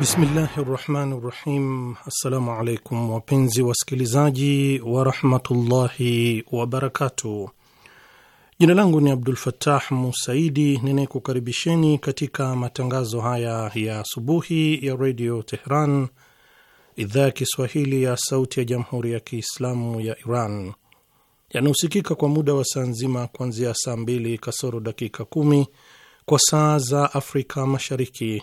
Bismillahi rahmani rahim. Assalamu alaikum wapenzi wasikilizaji warahmatullahi wabarakatuh. Jina langu ni Abdul Fattah Musaidi ninayekukaribisheni katika matangazo haya ya subuhi ya redio Tehran, idhaa ya Kiswahili ya sauti ya jamhuri ya Kiislamu ya Iran, yanahusikika kwa muda wa saa nzima kuanzia saa mbili kasoro dakika kumi kwa saa za Afrika Mashariki,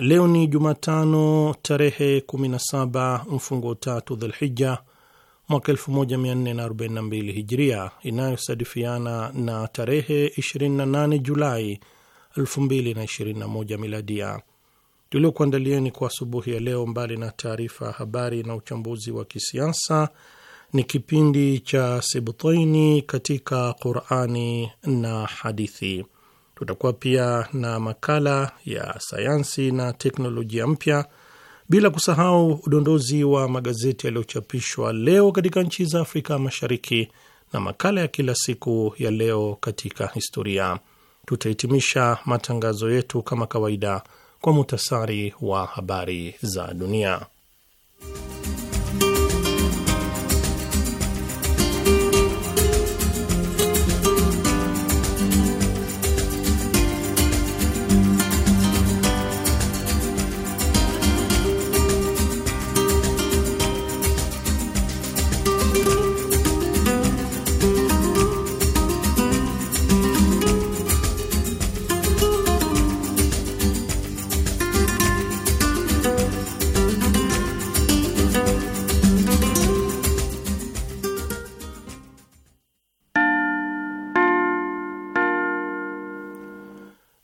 Leo ni Jumatano tarehe 17 mfungo tatu Dhulhija mwaka 1442 Hijria, inayosadifiana na tarehe 28 Julai 2021 Miladia. Tuliokuandalieni kwa asubuhi ya leo, mbali na taarifa ya habari na uchambuzi wa kisiasa, ni kipindi cha Sibtaini katika Qurani na hadithi Tutakuwa pia na makala ya sayansi na teknolojia mpya, bila kusahau udondozi wa magazeti yaliyochapishwa leo katika nchi za Afrika Mashariki na makala ya kila siku ya leo katika historia. Tutahitimisha matangazo yetu kama kawaida kwa muhtasari wa habari za dunia.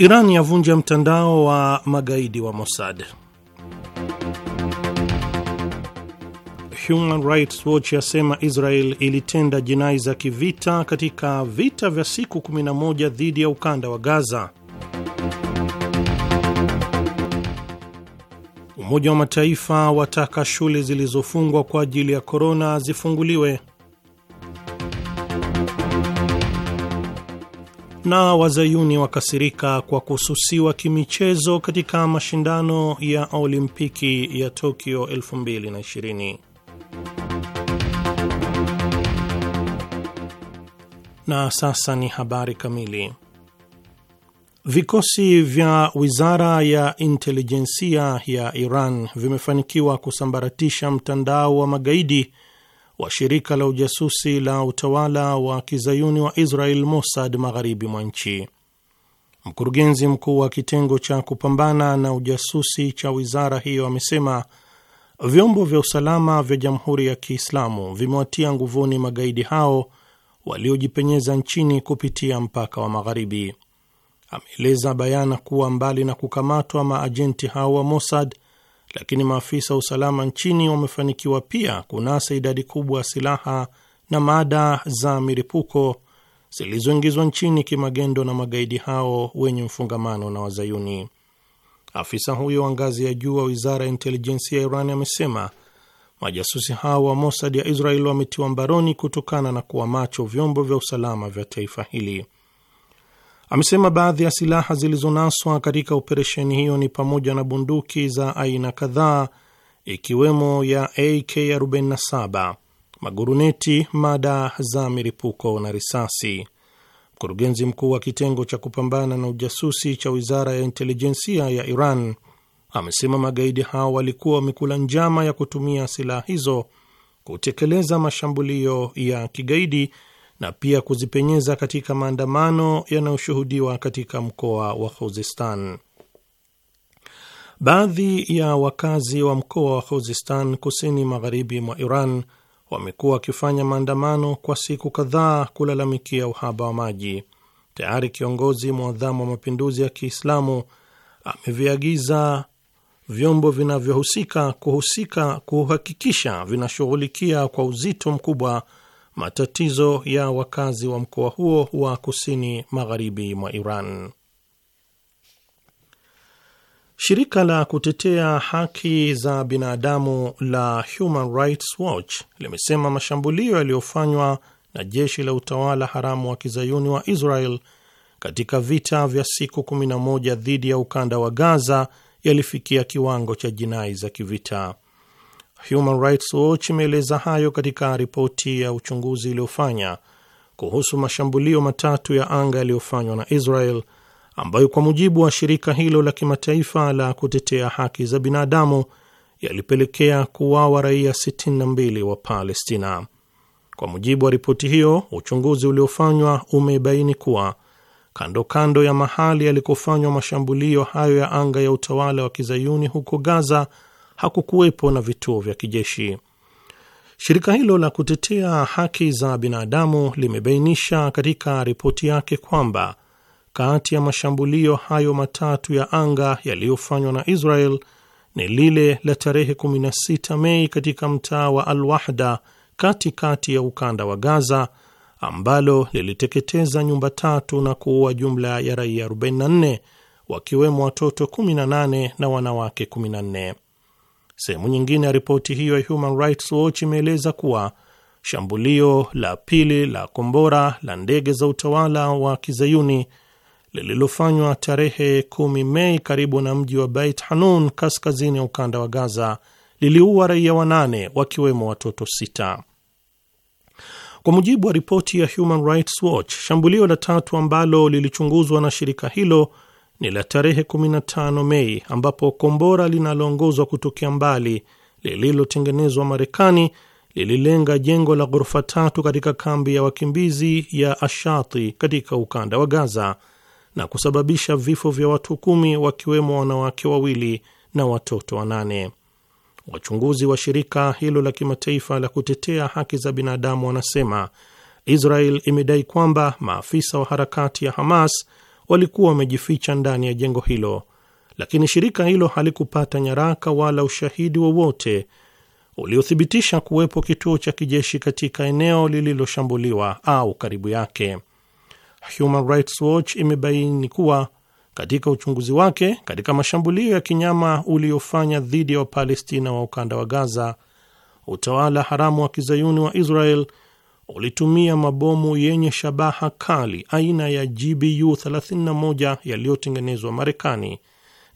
Iran yavunja mtandao wa magaidi wa Mossad. Human Rights Watch yasema Israel ilitenda jinai za kivita katika vita vya siku 11 dhidi ya ukanda wa Gaza. Umoja wa Mataifa wataka shule zilizofungwa kwa ajili ya korona zifunguliwe. na wazayuni wakasirika kwa kususiwa kimichezo katika mashindano ya Olimpiki ya Tokyo 2020. Na sasa ni habari kamili. Vikosi vya wizara ya intelijensia ya Iran vimefanikiwa kusambaratisha mtandao wa magaidi wa shirika la ujasusi la utawala wa kizayuni wa Israel Mossad magharibi mwa nchi. Mkurugenzi mkuu wa kitengo cha kupambana na ujasusi cha wizara hiyo amesema vyombo vya usalama vya Jamhuri ya Kiislamu vimewatia nguvuni magaidi hao waliojipenyeza nchini kupitia mpaka wa magharibi. Ameeleza bayana kuwa mbali na kukamatwa maajenti hao wa Mossad lakini maafisa wa usalama nchini wamefanikiwa pia kunasa idadi kubwa ya silaha na mada za milipuko zilizoingizwa nchini kimagendo na magaidi hao wenye mfungamano na Wazayuni. Afisa huyo wa ngazi ya juu wa wizara ya intelijensia ya Iran amesema majasusi hao wa Mossad ya Israel wametiwa mbaroni kutokana na kuwa macho vyombo vya usalama vya taifa hili. Amesema baadhi ya silaha zilizonaswa katika operesheni hiyo ni pamoja na bunduki za aina kadhaa ikiwemo ya AK47, maguruneti, mada za milipuko na risasi. Mkurugenzi mkuu wa kitengo cha kupambana na ujasusi cha wizara ya intelijensia ya Iran amesema magaidi hao walikuwa wamekula njama ya kutumia silaha hizo kutekeleza mashambulio ya kigaidi na pia kuzipenyeza katika maandamano yanayoshuhudiwa katika mkoa wa Khuzistan. Baadhi ya wakazi wa mkoa wa Khuzistan kusini magharibi mwa Iran wamekuwa wakifanya maandamano kwa siku kadhaa kulalamikia uhaba wa maji. Tayari kiongozi mwadhamu wa mapinduzi ya Kiislamu ameviagiza vyombo vinavyohusika kuhusika kuhakikisha vinashughulikia kwa uzito mkubwa matatizo ya wakazi wa mkoa huo wa kusini magharibi mwa Iran. Shirika la kutetea haki za binadamu la Human Rights Watch limesema mashambulio yaliyofanywa na jeshi la utawala haramu wa kizayuni wa Israel katika vita vya siku 11 dhidi ya ukanda wa Gaza yalifikia kiwango cha jinai za kivita. Human Rights Watch imeeleza hayo katika ripoti ya uchunguzi iliyofanya kuhusu mashambulio matatu ya anga yaliyofanywa na Israel ambayo kwa mujibu wa shirika hilo la kimataifa la kutetea haki za binadamu yalipelekea kuuawa raia 62 wa Palestina. Kwa mujibu wa ripoti hiyo, uchunguzi uliofanywa umebaini kuwa kando kando ya mahali yalikofanywa mashambulio hayo ya anga ya utawala wa kizayuni huko Gaza hakukuwepo na vituo vya kijeshi. Shirika hilo la kutetea haki za binadamu limebainisha katika ripoti yake kwamba kati ya mashambulio hayo matatu ya anga yaliyofanywa na Israel ni lile la tarehe 16 Mei katika mtaa wa Al-Wahda katikati ya ukanda wa Gaza ambalo liliteketeza nyumba tatu na kuua jumla ya raia 44 wakiwemo watoto 18 na wanawake 14. Sehemu nyingine ya ripoti hiyo ya Human Rights Watch imeeleza kuwa shambulio la pili la kombora la ndege za utawala wa kizayuni lililofanywa tarehe 10 Mei karibu na mji wa Beit Hanun kaskazini ya ukanda wa Gaza liliua raia wanane wakiwemo watoto sita. Kwa mujibu wa ripoti ya Human Rights Watch, shambulio la tatu ambalo lilichunguzwa na shirika hilo ni la tarehe 15 Mei ambapo kombora linaloongozwa kutokea mbali lililotengenezwa Marekani lililenga jengo la ghorofa tatu katika kambi ya wakimbizi ya Ashati katika ukanda wa Gaza na kusababisha vifo vya watu kumi wakiwemo wanawake wawili na watoto wanane. Wachunguzi wa shirika hilo la kimataifa la kutetea haki za binadamu wanasema Israel imedai kwamba maafisa wa harakati ya Hamas walikuwa wamejificha ndani ya jengo hilo, lakini shirika hilo halikupata nyaraka wala ushahidi wowote wa uliothibitisha kuwepo kituo cha kijeshi katika eneo lililoshambuliwa au karibu yake. Human Rights Watch imebaini kuwa katika uchunguzi wake katika mashambulio ya kinyama uliofanya dhidi ya Wapalestina wa ukanda wa Gaza, utawala haramu wa kizayuni wa Israel ulitumia mabomu yenye shabaha kali aina ya GBU 31 yaliyotengenezwa Marekani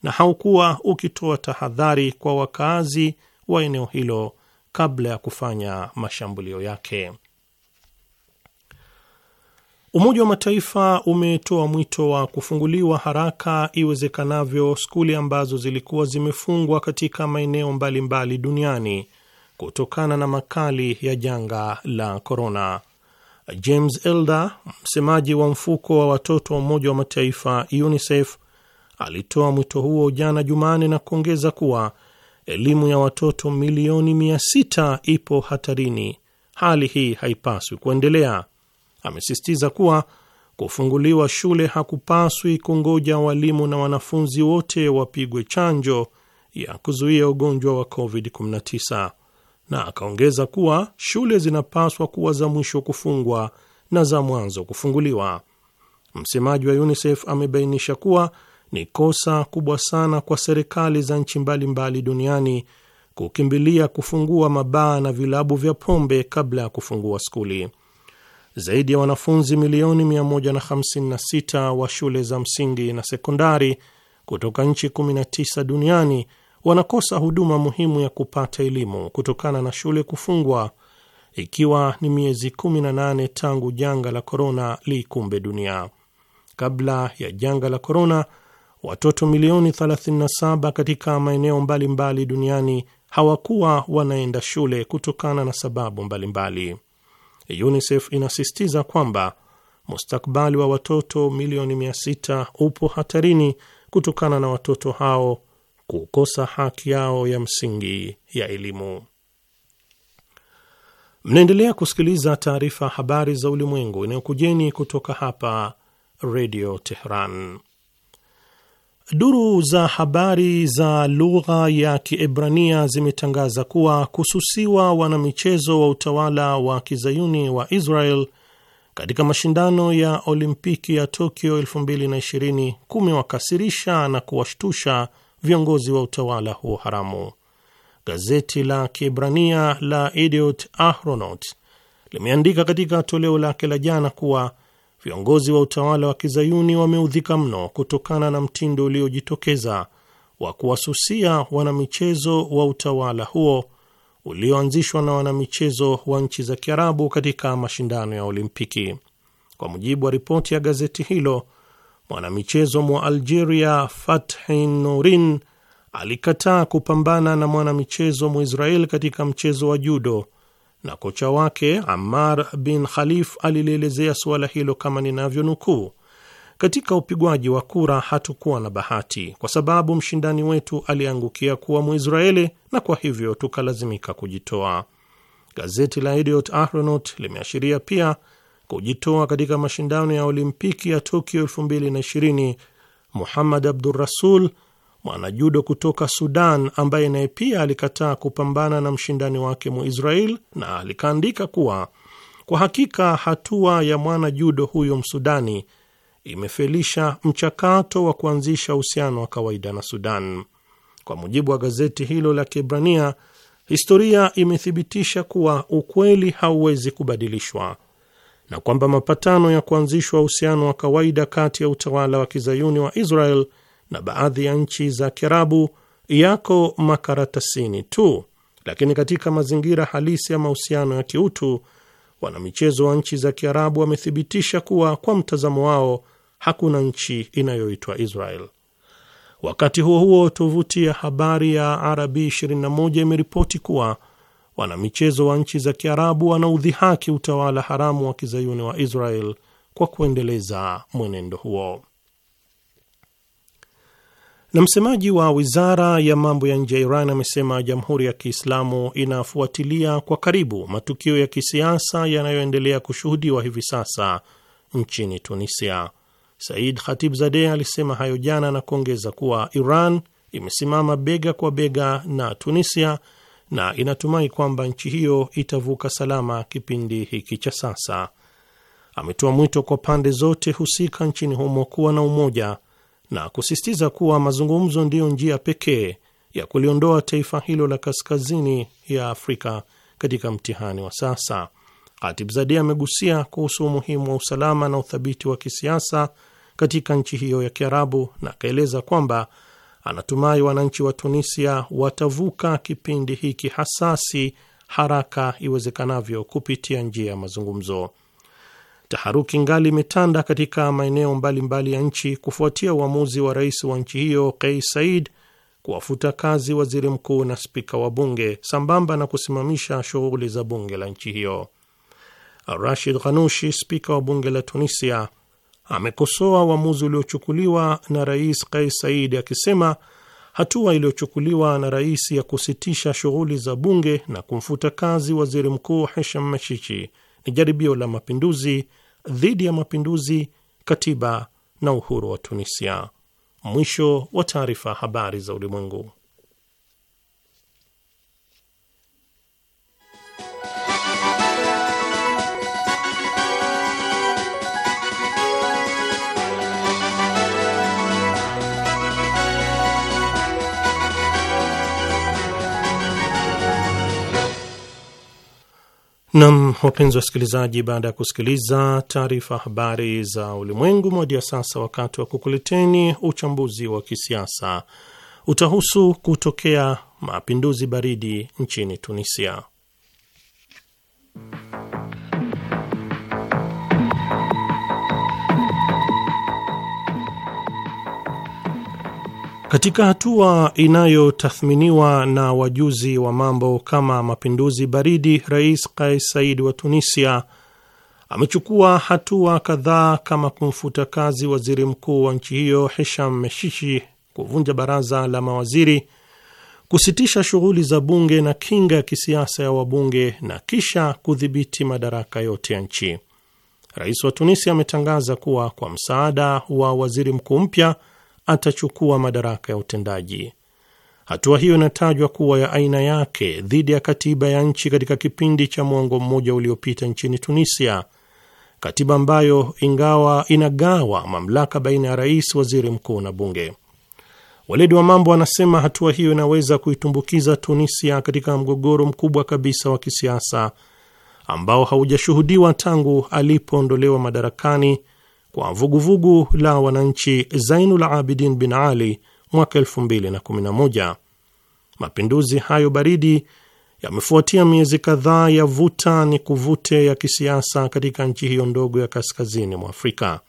na haukuwa ukitoa tahadhari kwa wakaazi wa eneo hilo kabla ya kufanya mashambulio yake. Umoja wa Mataifa umetoa mwito wa kufunguliwa haraka iwezekanavyo skuli ambazo zilikuwa zimefungwa katika maeneo mbalimbali duniani kutokana na makali ya janga la korona. James Elder, msemaji wa mfuko wa watoto wa Umoja wa Mataifa UNICEF, alitoa mwito huo jana Jumanne na kuongeza kuwa elimu ya watoto milioni mia sita ipo hatarini. Hali hii haipaswi kuendelea. Amesisitiza kuwa kufunguliwa shule hakupaswi kungoja walimu na wanafunzi wote wapigwe chanjo ya kuzuia ugonjwa wa COVID-19 na akaongeza kuwa shule zinapaswa kuwa za mwisho kufungwa na za mwanzo kufunguliwa. Msemaji wa UNICEF amebainisha kuwa ni kosa kubwa sana kwa serikali za nchi mbalimbali duniani kukimbilia kufungua mabaa na vilabu vya pombe kabla ya kufungua skuli. Zaidi ya wanafunzi milioni 156 wa shule za msingi na sekondari kutoka nchi 19 duniani wanakosa huduma muhimu ya kupata elimu kutokana na shule kufungwa, ikiwa ni miezi 18 tangu janga la korona liikumbe dunia. Kabla ya janga la korona, watoto milioni 37 katika maeneo mbalimbali duniani hawakuwa wanaenda shule kutokana na sababu mbalimbali mbali. UNICEF inasisitiza kwamba mustakbali wa watoto milioni 600 upo hatarini kutokana na watoto hao kukosa haki yao ya msingi ya elimu. Mnaendelea kusikiliza taarifa habari za ulimwengu inayokujeni kutoka hapa Redio Tehran. Duru za habari za lugha ya Kiebrania zimetangaza kuwa kususiwa wanamichezo wa utawala wa kizayuni wa Israel katika mashindano ya Olimpiki ya Tokyo 2020 kumewakasirisha na kuwashtusha viongozi wa utawala huo haramu. Gazeti la Kibrania la Idiot Ahronot limeandika katika toleo lake la jana kuwa viongozi wa utawala wa kizayuni wameudhika mno kutokana na mtindo uliojitokeza wa kuwasusia wanamichezo wa utawala huo ulioanzishwa na wanamichezo wa nchi za Kiarabu katika mashindano ya Olimpiki. Kwa mujibu wa ripoti ya gazeti hilo, mwanamichezo mwa Algeria Fathi Nourin alikataa kupambana na mwanamichezo Mwisraeli katika mchezo wa judo, na kocha wake Ammar bin Khalif alilielezea suala hilo kama ninavyonukuu: katika upigwaji wa kura hatukuwa na bahati, kwa sababu mshindani wetu aliangukia kuwa Mwisraeli na kwa hivyo tukalazimika kujitoa. Gazeti la Idiot Ahronot limeashiria pia kujitoa katika mashindano ya Olimpiki ya Tokyo 2020, Muhammad Rasul, mwanajudo kutoka Sudan ambaye naye pia alikataa kupambana na mshindani wake Muisrael na alikaandika kuwa kwa hakika hatua ya mwanajudo huyo Msudani imefelisha mchakato wa kuanzisha uhusiano wa kawaida na Sudan. Kwa mujibu wa gazeti hilo la Kibrania, historia imethibitisha kuwa ukweli hauwezi kubadilishwa na kwamba mapatano ya kuanzishwa uhusiano wa kawaida kati ya utawala wa kizayuni wa Israel na baadhi ya nchi za Kiarabu yako makaratasini tu, lakini katika mazingira halisi ya mahusiano ya kiutu, wanamichezo wa nchi za Kiarabu wamethibitisha kuwa kwa mtazamo wao hakuna nchi inayoitwa Israel. Wakati huo huo, tovuti ya habari ya Arabi 21 imeripoti kuwa wanamichezo wa nchi za Kiarabu wanaudhihaki utawala haramu wa kizayuni wa Israel kwa kuendeleza mwenendo huo. Na msemaji wa wizara ya mambo ya nje ya Iran amesema jamhuri ya Kiislamu inafuatilia kwa karibu matukio ya kisiasa yanayoendelea kushuhudiwa hivi sasa nchini Tunisia. Said khatib zade alisema hayo jana na kuongeza kuwa Iran imesimama bega kwa bega na Tunisia na inatumai kwamba nchi hiyo itavuka salama kipindi hiki cha sasa. Ametoa mwito kwa pande zote husika nchini humo kuwa na umoja na kusisitiza kuwa mazungumzo ndiyo njia pekee ya kuliondoa taifa hilo la kaskazini ya Afrika katika mtihani wa sasa. Khatibzadeh amegusia kuhusu umuhimu wa usalama na uthabiti wa kisiasa katika nchi hiyo ya Kiarabu na akaeleza kwamba anatumai wananchi wa Tunisia watavuka kipindi hiki hasasi haraka iwezekanavyo kupitia njia ya mazungumzo. Taharuki ngali imetanda katika maeneo mbalimbali ya nchi kufuatia uamuzi wa rais wa nchi hiyo Kais Saied kuwafuta kazi waziri mkuu na spika wa bunge sambamba na kusimamisha shughuli za bunge la nchi hiyo. Rashid Ghanushi, spika wa bunge la Tunisia, amekosoa uamuzi uliochukuliwa na Rais Kais Saied akisema hatua iliyochukuliwa na rais ya kusitisha shughuli za bunge na kumfuta kazi waziri mkuu Hisham Mashichi ni jaribio la mapinduzi dhidi ya mapinduzi, katiba na uhuru wa Tunisia. Mwisho wa taarifa. Habari za Ulimwengu. Nam, wapenzi wasikilizaji, baada ya kusikiliza taarifa habari za ulimwengu moja, sasa wakati wa kukuleteni uchambuzi wa kisiasa utahusu kutokea mapinduzi baridi nchini Tunisia. Katika hatua inayotathminiwa na wajuzi wa mambo kama mapinduzi baridi, Rais Kais Said wa Tunisia amechukua hatua kadhaa kama kumfuta kazi waziri mkuu wa nchi hiyo Hisham Meshishi, kuvunja baraza la mawaziri, kusitisha shughuli za bunge na kinga ya kisiasa ya wabunge, na kisha kudhibiti madaraka yote ya nchi. Rais wa Tunisia ametangaza kuwa kwa msaada wa waziri mkuu mpya atachukua madaraka ya utendaji. Hatua hiyo inatajwa kuwa ya aina yake dhidi ya katiba ya nchi katika kipindi cha mwongo mmoja uliopita nchini Tunisia, katiba ambayo ingawa inagawa mamlaka baina ya rais, waziri mkuu na bunge. Weledi wa mambo anasema hatua hiyo inaweza kuitumbukiza Tunisia katika mgogoro mkubwa kabisa wa kisiasa ambao haujashuhudiwa tangu alipoondolewa madarakani kwa vuguvugu vugu la wananchi Zainul Abidin bin Ali mwaka 2011. Mapinduzi hayo baridi yamefuatia miezi kadhaa ya vuta ni kuvute ya kisiasa katika nchi hiyo ndogo ya kaskazini mwa Afrika.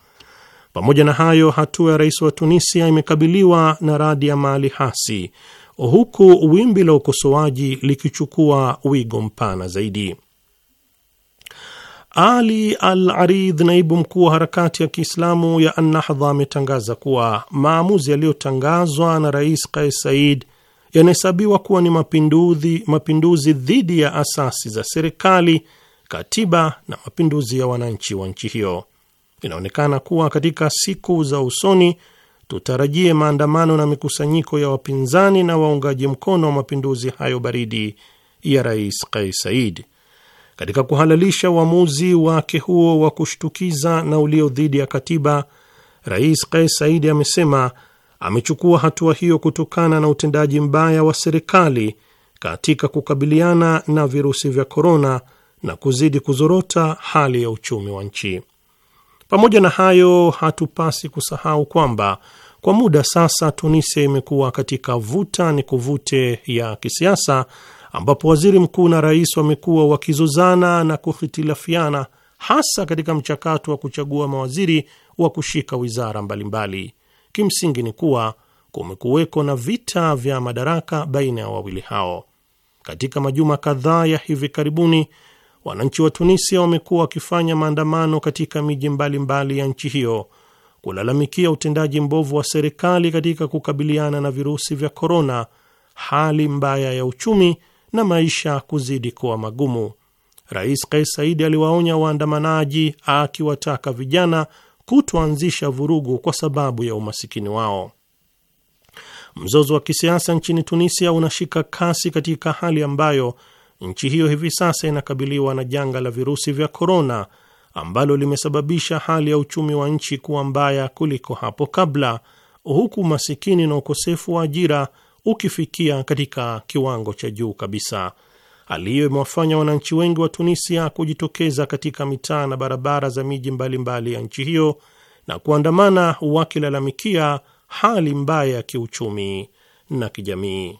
Pamoja na hayo, hatua ya rais wa Tunisia imekabiliwa na radi ya mali hasi, huku wimbi la ukosoaji likichukua wigo mpana zaidi. Ali Al Aridh, naibu mkuu wa harakati ya Kiislamu ya Annahdha, ametangaza kuwa maamuzi yaliyotangazwa na Rais Kais Said yanahesabiwa kuwa ni mapinduzi, mapinduzi dhidi ya asasi za serikali, katiba na mapinduzi ya wananchi wa nchi hiyo. Inaonekana kuwa katika siku za usoni tutarajie maandamano na mikusanyiko ya wapinzani na waungaji mkono wa mapinduzi hayo baridi ya Rais Kais Said katika kuhalalisha uamuzi wake huo wa kushtukiza na ulio dhidi ya katiba, Rais Kais Saidi amesema amechukua hatua hiyo kutokana na utendaji mbaya wa serikali katika kukabiliana na virusi vya korona na kuzidi kuzorota hali ya uchumi wa nchi. Pamoja na hayo, hatupasi kusahau kwamba kwa muda sasa Tunisia imekuwa katika vuta ni kuvute ya kisiasa ambapo waziri mkuu na rais wamekuwa wakizozana na kuhitilafiana hasa katika mchakato wa kuchagua mawaziri wa kushika wizara mbalimbali. Kimsingi ni kuwa kumekuweko na vita vya madaraka baina ya wawili hao. Katika majuma kadhaa ya hivi karibuni, wananchi wa Tunisia wamekuwa wakifanya maandamano katika miji mbalimbali ya nchi hiyo kulalamikia utendaji mbovu wa serikali katika kukabiliana na virusi vya korona, hali mbaya ya uchumi na maisha kuzidi kuwa magumu. Rais Kais Saidi aliwaonya waandamanaji akiwataka vijana kutoanzisha vurugu kwa sababu ya umasikini wao. Mzozo wa kisiasa nchini Tunisia unashika kasi katika hali ambayo nchi hiyo hivi sasa inakabiliwa na janga la virusi vya korona ambalo limesababisha hali ya uchumi wa nchi kuwa mbaya kuliko hapo kabla, huku umasikini na ukosefu wa ajira ukifikia katika kiwango cha juu kabisa. Hali hiyo imewafanya wananchi wengi wa Tunisia kujitokeza katika mitaa na barabara za miji mbalimbali ya nchi hiyo na kuandamana wakilalamikia hali mbaya ya kiuchumi na kijamii.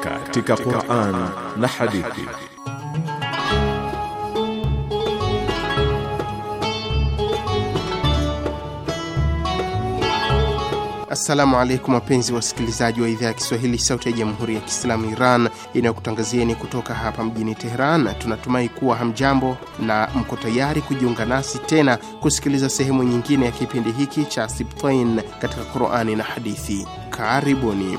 katika Qur'an na hadithi. Assalamu alaikum wapenzi wasikilizaji wa idhaa ya Kiswahili sauti ya jamhuri ya Kiislamu Iran inayokutangazieni kutoka hapa mjini Teheran. Tunatumai kuwa hamjambo na mko tayari kujiunga nasi tena kusikiliza sehemu nyingine ya kipindi hiki cha Sibtain katika Qurani na hadithi. Karibuni.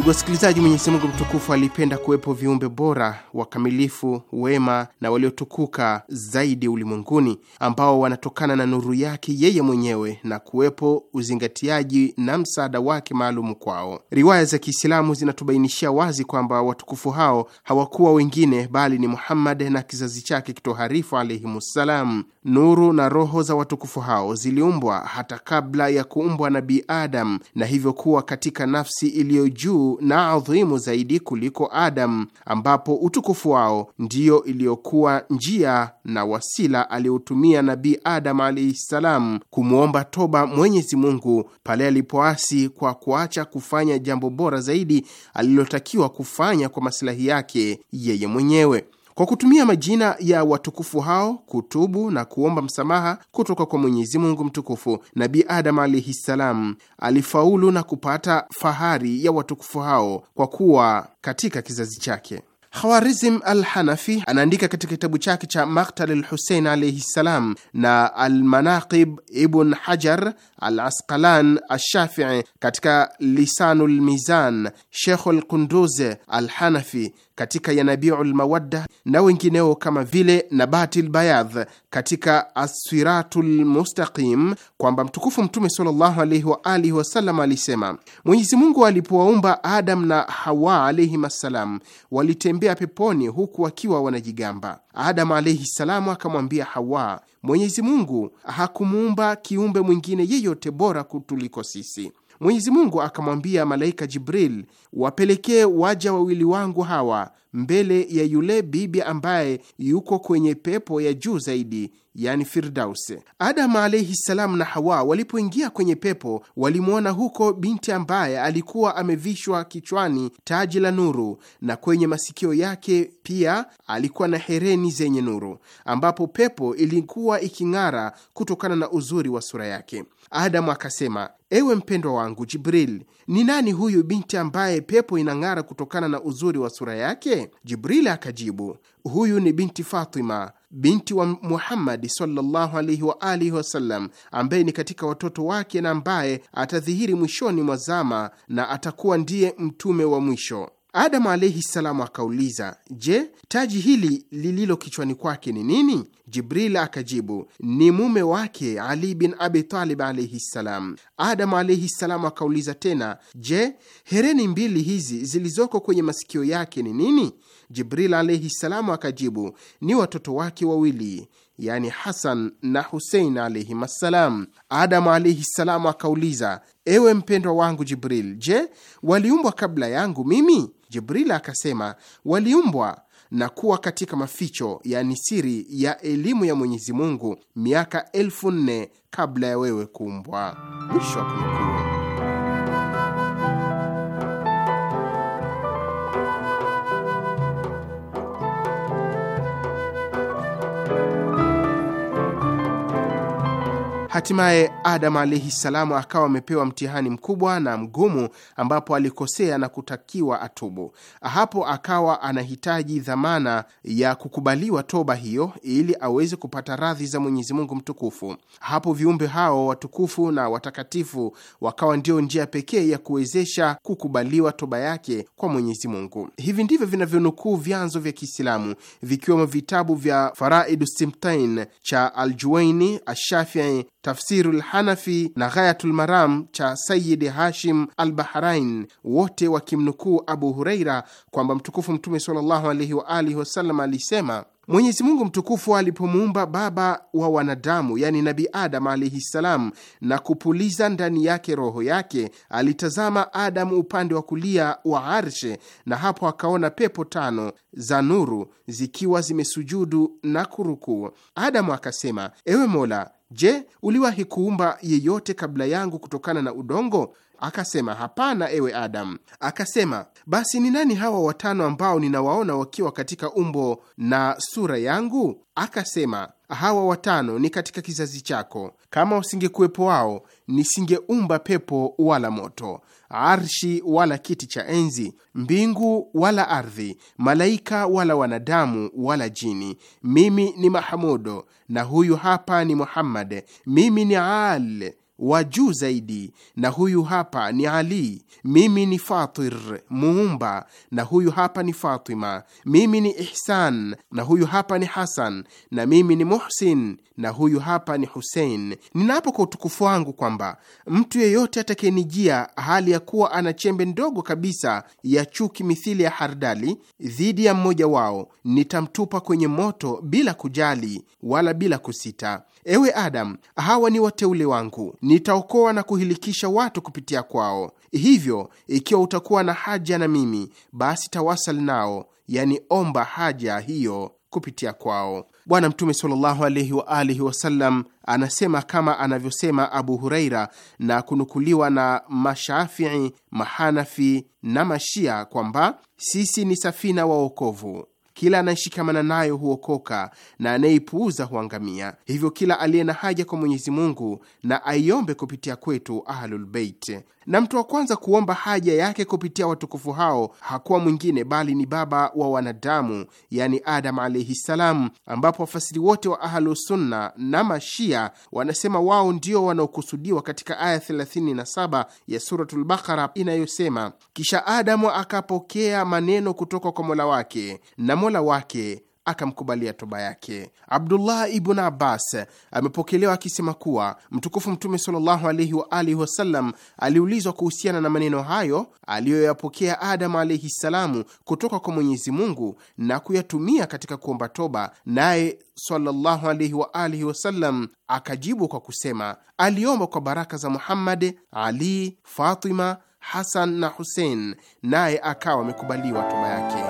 Ndugu wasikilizaji, Mwenyezi Mungu mtukufu alipenda kuwepo viumbe bora wakamilifu, wema na waliotukuka zaidi ulimwenguni ambao wanatokana na nuru yake yeye mwenyewe na kuwepo uzingatiaji na msaada wake maalum kwao. Riwaya za Kiislamu zinatubainishia wazi kwamba watukufu hao hawakuwa wengine bali ni Muhammad na kizazi chake kitoharifu alaihimussalam. Nuru na roho za watukufu hao ziliumbwa hata kabla ya kuumbwa Nabii Adam na hivyo kuwa katika nafsi iliyo juu na adhimu zaidi kuliko Adamu, ambapo utukufu wao ndiyo iliyokuwa njia na wasila aliyotumia Nabii Adamu alaihi salam kumwomba toba Mwenyezi Mungu pale alipoasi kwa kuacha kufanya jambo bora zaidi alilotakiwa kufanya kwa masilahi yake yeye mwenyewe. Kwa kutumia majina ya watukufu hao kutubu na kuomba msamaha kutoka kwa Mwenyezi Mungu mtukufu, Nabi Adam alaihi ssalam alifaulu na kupata fahari ya watukufu hao kwa kuwa katika kizazi chake. Khawarizm Alhanafi anaandika katika kitabu chake cha Maktal lhusein alaihi ssalam na Almanaqib, Ibn Hajar Al Asqalan Alshafii katika Lisanu Lmizan, Shekhu Lkunduze Alhanafi katika Yanabiul Mawadda na wengineo kama vile Nabatil Bayadh katika asiratu Mustaqim kwamba mtukufu Mtume sallallahu alaihi wa alihi wasallam alisema, Mwenyezi Mungu alipowaumba Adam na Hawa alaihim assalam, walitembea peponi huku wakiwa wanajigamba. adamu alaihi salamu akamwambia Hawa, Mwenyezi Mungu hakumuumba kiumbe mwingine yeyote bora kutuliko sisi. Mwenyezi Mungu akamwambia malaika Jibril, wapelekee waja wawili wangu hawa mbele ya yule bibi ambaye yuko kwenye pepo ya juu zaidi, yani Firdaus. Adamu alaihi salam na Hawa walipoingia kwenye pepo walimwona huko binti ambaye alikuwa amevishwa kichwani taji la nuru na kwenye masikio yake pia alikuwa na hereni zenye nuru, ambapo pepo ilikuwa iking'ara kutokana na uzuri wa sura yake. Adamu akasema, Ewe mpendwa wangu Jibril, ni nani huyu binti ambaye pepo inang'ara kutokana na uzuri wa sura yake? Jibril akajibu, huyu ni binti Fatima binti wa Muhammadi sallallahu alaihi wa alihi wasallam, ambaye ni katika watoto wake na ambaye atadhihiri mwishoni mwa zama na atakuwa ndiye mtume wa mwisho. Adamu alaihi salamu akauliza, je, taji hili lililo kichwani kwake ni nini? Jibril akajibu, ni mume wake Ali bin Abi Talib alaihi ssalam. Adamu alaihi salamu akauliza tena, je, hereni mbili hizi zilizoko kwenye masikio yake ni nini? Jibril alaihi salamu akajibu, ni watoto wake wawili, yani Hasan na Husein alaihim assalam. Adamu alaihi salamu akauliza, ewe mpendwa wangu Jibril, je, waliumbwa kabla yangu mimi? Jibril akasema, waliumbwa na kuwa katika maficho, yani siri ya elimu ya Mwenyezi Mungu miaka elfu nne kabla ya wewe kuumbwa. Mwisho wa kunukuu. Hatimaye Adamu alaihi salamu akawa amepewa mtihani mkubwa na mgumu, ambapo alikosea na kutakiwa atubu. Hapo akawa anahitaji dhamana ya kukubaliwa toba hiyo, ili aweze kupata radhi za Mwenyezi Mungu Mtukufu. Hapo viumbe hao watukufu na watakatifu wakawa ndio njia pekee ya kuwezesha kukubaliwa toba yake kwa Mwenyezi Mungu. Hivi ndivyo vinavyonukuu vyanzo vya Kiislamu vikiwemo vitabu vya Faraidu Simtain cha Aljuwaini Ashafii Tafsiru lhanafi na ghayatulmaram cha Sayidi Hashim al Bahrain, wote wakimnukuu Abu Hureira kwamba mtukufu Mtume sallallahu alaihi wa alihi wasallam alisema Mwenyezi Mungu mtukufu alipomuumba baba wa wanadamu, yani Nabi Adam alaihi ssalam, na kupuliza ndani yake roho yake, alitazama Adamu upande wa kulia wa arshe, na hapo akaona pepo tano za nuru zikiwa zimesujudu na kurukuu. Adamu akasema, ewe Mola, Je, uliwahi kuumba yeyote kabla yangu kutokana na udongo? Akasema, hapana, ewe Adamu. Akasema, basi ni nani hawa watano ambao ninawaona wakiwa katika umbo na sura yangu? Akasema, hawa watano ni katika kizazi chako. Kama usingekuwepo wao, nisingeumba pepo wala moto, arshi wala kiti cha enzi, mbingu wala ardhi, malaika wala wanadamu wala jini. Mimi ni Mahamudo, na huyu hapa ni Muhammad, mimi ni Al, wa juu zaidi, na huyu hapa ni Ali, mimi ni Fatir muumba, na huyu hapa ni Fatima, mimi ni Ihsan, na huyu hapa ni Hasan, na mimi ni Muhsin, na huyu hapa ni Husein. Ninapo kwa utukufu wangu kwamba mtu yeyote atakayenijia hali ya kuwa ana chembe ndogo kabisa ya chuki mithili ya hardali dhidi ya mmoja wao, nitamtupa kwenye moto bila kujali wala bila kusita. Ewe Adam, hawa ni wateule wangu, nitaokoa na kuhilikisha watu kupitia kwao. Hivyo ikiwa utakuwa na haja na mimi, basi tawasal nao, yani omba haja hiyo kupitia kwao. Bwana Mtume sallallahu alaihi wa alihi wasallam anasema kama anavyosema Abu Huraira na kunukuliwa na Mashafii, Mahanafi na Mashia kwamba sisi ni safina waokovu kila anayeshikamana nayo huokoka na anayeipuuza huangamia. Hivyo kila aliye na haja kwa Mwenyezi Mungu na aiombe kupitia kwetu Ahlulbeit. Na mtu wa kwanza kuomba haja yake kupitia watukufu hao hakuwa mwingine bali ni baba wa wanadamu, yani Adam alaihi salam, ambapo wafasiri wote wa Ahlusunna na Mashia wanasema wao ndio wanaokusudiwa katika aya 37 ya Suratul inayosema, kisha Adamu akapokea maneno kutoka kwa mola wake na mola wake akamkubalia toba yake. Abdullah ibn Abbas amepokelewa akisema kuwa mtukufu Mtume sallallahu alaihi wa alihi wasallam aliulizwa kuhusiana na maneno hayo aliyoyapokea Adamu alaihi ssalamu kutoka kwa Mwenyezi Mungu na kuyatumia katika kuomba toba, naye sallallahu alaihi wa alihi wasallam akajibu kwa kusema, aliomba kwa baraka za Muhammad, Ali, Fatima, Hasan na Husein, naye akawa amekubaliwa toba yake.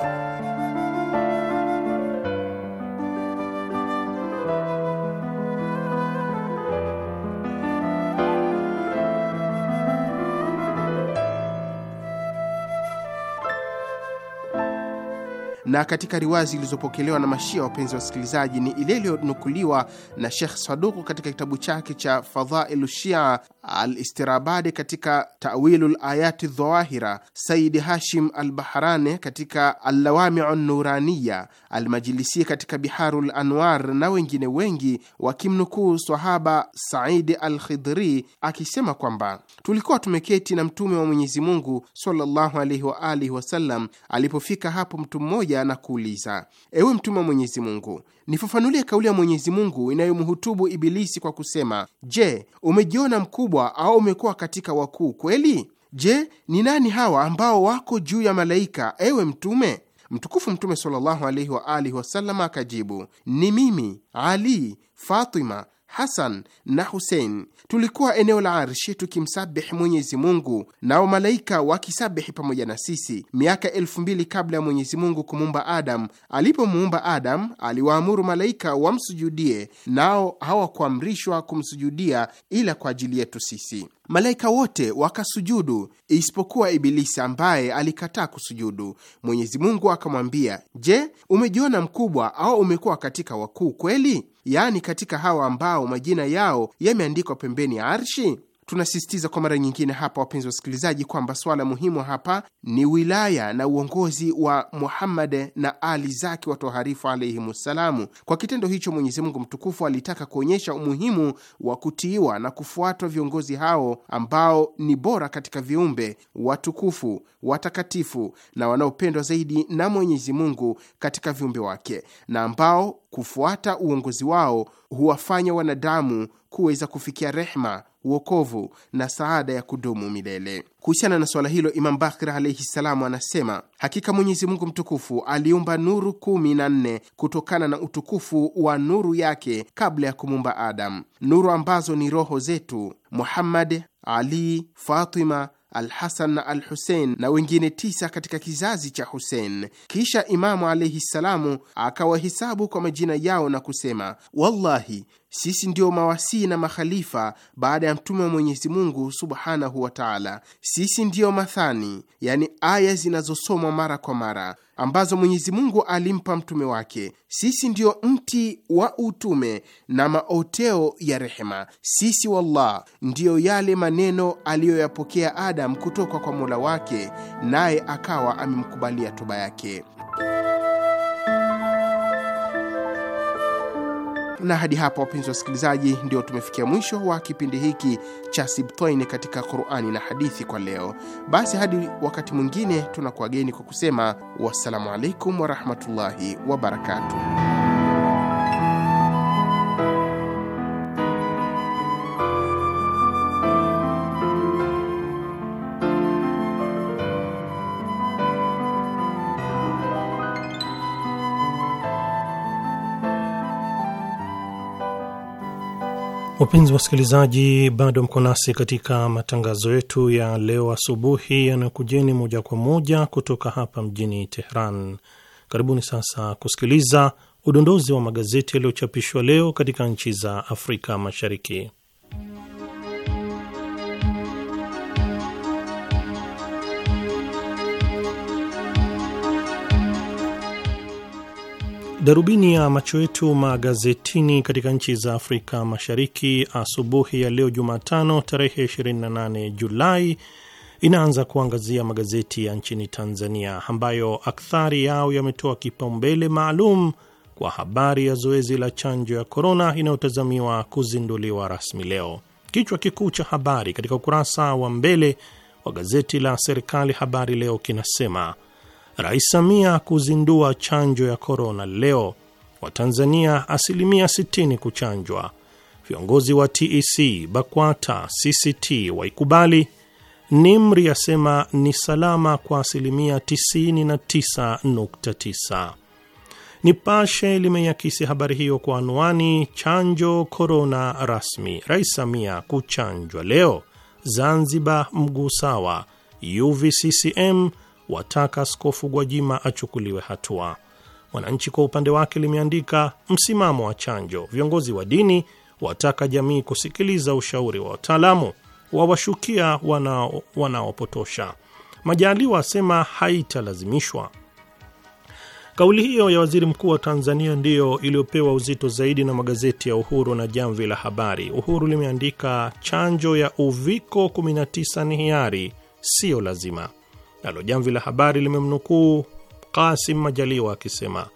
Na katika riwaya zilizopokelewa na Mashia, wapenzi wa wasikilizaji, ni ile iliyonukuliwa na Shekh Saduku katika kitabu chake cha Fadhailu Shia alistirabadi katika tawilu layati Dhawahira, Saidi Hashim Al-Bahrani katika Allawamiu Nuraniya, Almajilisi katika biharu lanwar na wengine wengi wakimnukuu sahaba Saidi Al-Khidri akisema kwamba tulikuwa tumeketi na Mtume wa Mwenyezi Mungu sallallahu alaihi wa alihi wasallam alipofika hapo mtu mmoja na kuuliza, ewe Mtume wa Mwenyezi Mungu, nifafanulie kauli ya Mwenyezi Mungu inayomhutubu Ibilisi kwa kusema: Je, umejiona mkubwa au umekuwa katika wakuu kweli? Je, ni nani hawa ambao wako juu ya malaika, ewe Mtume? Mtukufu Mtume sallallahu alaihi wa alihi wasallam akajibu: ni mimi Ali, Fatima, Hasan na Husein. Tulikuwa eneo la Arshi tukimsabihi Mwenyezi Mungu, na wamalaika wakisabihi pamoja na sisi, miaka elfu mbili kabla ya Mwenyezi Mungu kumuumba Adamu. Alipomuumba Adamu, aliwaamuru malaika wamsujudie, nao hawakuamrishwa kumsujudia ila kwa ajili yetu sisi malaika wote wakasujudu isipokuwa Ibilisi ambaye alikataa kusujudu. Mwenyezi Mungu akamwambia, je, umejiona mkubwa au umekuwa katika wakuu kweli? Yaani katika hawa ambao majina yao yameandikwa pembeni ya arshi? Tunasisitiza kwa mara nyingine hapa, wapenzi wa wasikilizaji, kwamba swala muhimu hapa ni wilaya na uongozi wa Muhammad na Ali zake watoharifu alaihimussalamu. Kwa kitendo hicho, Mwenyezi Mungu mtukufu alitaka kuonyesha umuhimu wa kutiiwa na kufuatwa viongozi hao ambao ni bora katika viumbe watukufu, watakatifu na wanaopendwa zaidi na Mwenyezi Mungu katika viumbe wake na ambao kufuata uongozi wao huwafanya wanadamu kuweza kufikia rehma uokovu na saada ya kudumu milele. Kuhusiana na suala hilo, Imam Bakr alaihi ssalamu anasema hakika Mwenyezi Mungu mtukufu aliumba nuru kumi na nne kutokana na utukufu wa nuru yake kabla ya kumumba Adamu, nuru ambazo ni roho zetu Muhammad, Ali, Fatima, Alhasan na al Husein na wengine tisa katika kizazi cha Husein. Kisha Imamu alaihi ssalamu akawahesabu kwa majina yao na kusema, wallahi sisi ndio mawasii na makhalifa baada ya mtume wa Mwenyezi Mungu subhanahu wa taala. Sisi ndiyo mathani, yani aya zinazosomwa mara kwa mara ambazo Mwenyezi Mungu alimpa mtume wake. Sisi ndiyo mti wa utume na maoteo ya rehema. Sisi wallah, ndiyo yale maneno aliyoyapokea Adam kutoka kwa mola wake, naye akawa amemkubalia toba yake. Na hadi hapa, wapenzi wa wasikilizaji, ndio tumefikia mwisho wa kipindi hiki cha Sibtoin katika Qurani na hadithi kwa leo. Basi hadi wakati mwingine, tunakuwageni kwa kusema wassalamu alaikum warahmatullahi wabarakatuh. Wapenzi wasikilizaji, bado mko nasi katika matangazo yetu ya leo asubuhi, yanayokujeni moja kwa moja kutoka hapa mjini Tehran. Karibuni sasa kusikiliza udondozi wa magazeti yaliyochapishwa leo katika nchi za Afrika Mashariki. Darubini ya macho yetu magazetini katika nchi za Afrika Mashariki asubuhi ya leo Jumatano tarehe 28 Julai inaanza kuangazia magazeti ya nchini Tanzania ambayo akthari yao yametoa kipaumbele maalum kwa habari ya zoezi la chanjo ya korona inayotazamiwa kuzinduliwa rasmi leo. Kichwa kikuu cha habari katika ukurasa wa mbele wa gazeti la serikali Habari Leo kinasema Rais Samia kuzindua chanjo ya korona leo. Watanzania asilimia 60 kuchanjwa. Viongozi wa TEC, BAKWATA, CCT waikubali. nimri yasema ni salama kwa asilimia 99.9. Nipashe limeiakisi habari hiyo kwa anwani chanjo korona rasmi, Rais Samia kuchanjwa leo, Zanzibar mguu sawa, UVCCM wataka Askofu Gwajima achukuliwe hatua. Mwananchi kwa upande wake limeandika msimamo wa chanjo, viongozi wa dini wataka jamii kusikiliza ushauri wa wataalamu, wawashukia wanaopotosha wana Majaliwa asema haitalazimishwa. Kauli hiyo ya waziri mkuu wa Tanzania ndiyo iliyopewa uzito zaidi na magazeti ya Uhuru na Jamvi la Habari. Uhuru limeandika chanjo ya uviko 19 ni hiari, siyo lazima nalo Jamvi la Habari limemnukuu Kasim Majaliwa akisema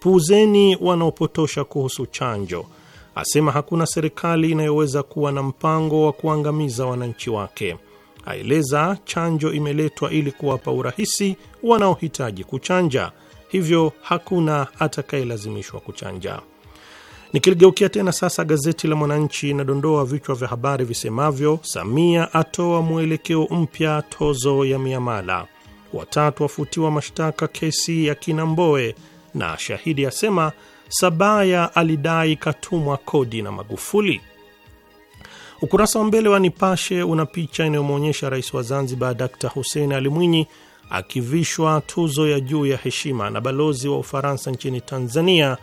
puuzeni wanaopotosha kuhusu chanjo. Asema hakuna serikali inayoweza kuwa na mpango wa kuangamiza wananchi wake. Aeleza chanjo imeletwa ili kuwapa urahisi wanaohitaji kuchanja, hivyo hakuna atakayelazimishwa kuchanja. Nikiligeukia tena sasa gazeti la Mwananchi inadondoa vichwa vya habari visemavyo: Samia atoa mwelekeo mpya tozo ya miamala, watatu wafutiwa mashtaka kesi ya kina Mboe, na shahidi asema Sabaya alidai katumwa kodi na Magufuli. Ukurasa wa mbele wa Nipashe una picha inayomwonyesha rais wa Zanzibar Dr Hussein Ali Mwinyi akivishwa tuzo ya juu ya heshima na balozi wa Ufaransa nchini Tanzania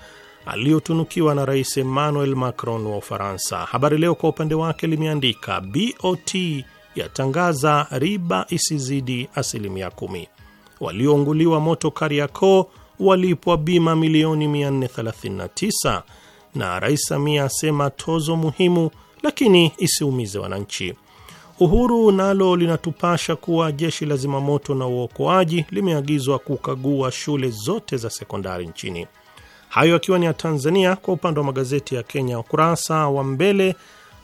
aliyotunukiwa na Rais Emmanuel Macron wa Ufaransa. Habari Leo kwa upande wake limeandika BOT yatangaza riba isizidi asilimia kumi, waliounguliwa moto Kariakoo walipwa bima milioni 439, na Rais Samia asema tozo muhimu lakini isiumize wananchi. Uhuru nalo linatupasha kuwa jeshi la zimamoto na uokoaji limeagizwa kukagua shule zote za sekondari nchini. Hayo akiwa ni ya Tanzania. Kwa upande wa magazeti ya Kenya, ukurasa wa mbele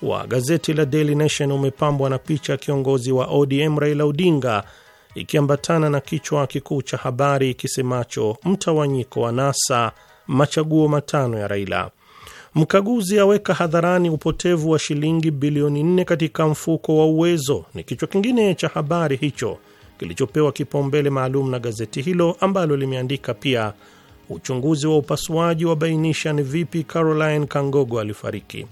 wa gazeti la Daily Nation umepambwa na picha ya kiongozi wa ODM Raila Odinga ikiambatana na kichwa kikuu cha habari kisemacho mtawanyiko wa NASA, machaguo matano ya Raila. Mkaguzi aweka hadharani upotevu wa shilingi bilioni nne katika mfuko wa Uwezo ni kichwa kingine cha habari hicho kilichopewa kipaumbele maalum na gazeti hilo ambalo limeandika pia Uchunguzi wa upasuaji wabainisha ni vipi Caroline Kangogo alifariki.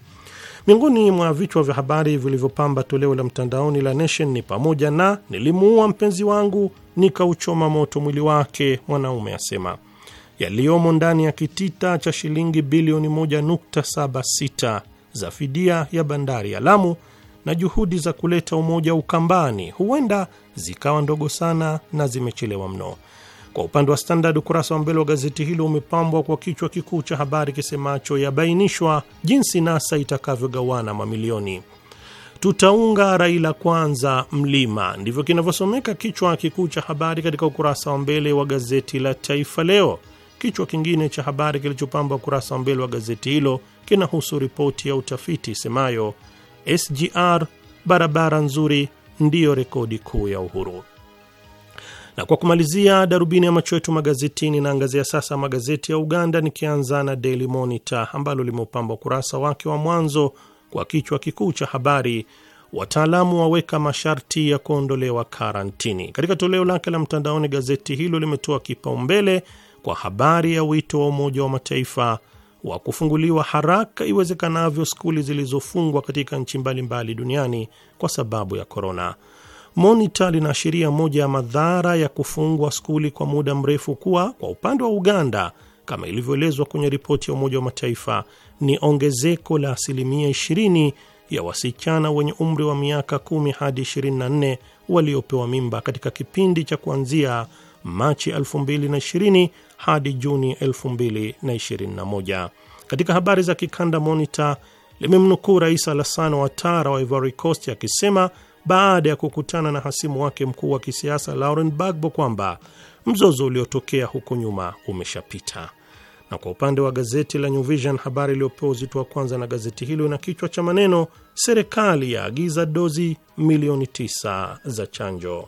Miongoni mwa vichwa vya habari vilivyopamba toleo la mtandaoni la Nation ni pamoja na nilimuua mpenzi wangu nikauchoma moto mwili wake, mwanaume asema; yaliyomo ndani ya kitita cha shilingi bilioni 1.76 za fidia ya bandari ya Lamu na juhudi za kuleta umoja Ukambani huenda zikawa ndogo sana na zimechelewa mno. Kwa upande wa Standard, ukurasa wa mbele wa gazeti hilo umepambwa kwa kichwa kikuu cha habari kisemacho yabainishwa jinsi NASA itakavyogawana mamilioni. Tutaunga Raila kwanza mlima, ndivyo kinavyosomeka kichwa kikuu cha habari katika ukurasa wa mbele wa gazeti la Taifa Leo. Kichwa kingine cha habari kilichopamba ukurasa wa mbele wa gazeti hilo kinahusu ripoti ya utafiti isemayo SGR barabara nzuri ndiyo rekodi kuu ya Uhuru. Na kwa kumalizia, darubini ya macho yetu magazetini inaangazia sasa magazeti ya Uganda, nikianza na Daily Monitor ambalo limeupamba ukurasa wake wa mwanzo kwa kichwa kikuu cha habari, wataalamu waweka masharti ya kuondolewa karantini. Katika toleo lake la mtandaoni, gazeti hilo limetoa kipaumbele kwa habari ya wito wa Umoja wa Mataifa wa kufunguliwa haraka iwezekanavyo skuli zilizofungwa katika nchi mbalimbali duniani kwa sababu ya korona. Monita linaashiria moja ya madhara ya kufungwa skuli kwa muda mrefu kuwa kwa upande wa Uganda, kama ilivyoelezwa kwenye ripoti ya Umoja wa Mataifa, ni ongezeko la asilimia 20 ya wasichana wenye umri wa miaka 10 hadi 24 waliopewa mimba katika kipindi cha kuanzia Machi 2020 hadi Juni 2021. Katika habari za kikanda, Monitor limemnukuu Rais Alassane Ouattara wa Ivory Coast akisema baada ya kukutana na hasimu wake mkuu wa kisiasa lauren bagbo kwamba mzozo uliotokea huko nyuma umeshapita. Na kwa upande wa gazeti la New Vision, habari iliyopewa uzito wa kwanza na gazeti hilo na kichwa cha maneno serikali yaagiza dozi milioni tisa za chanjo.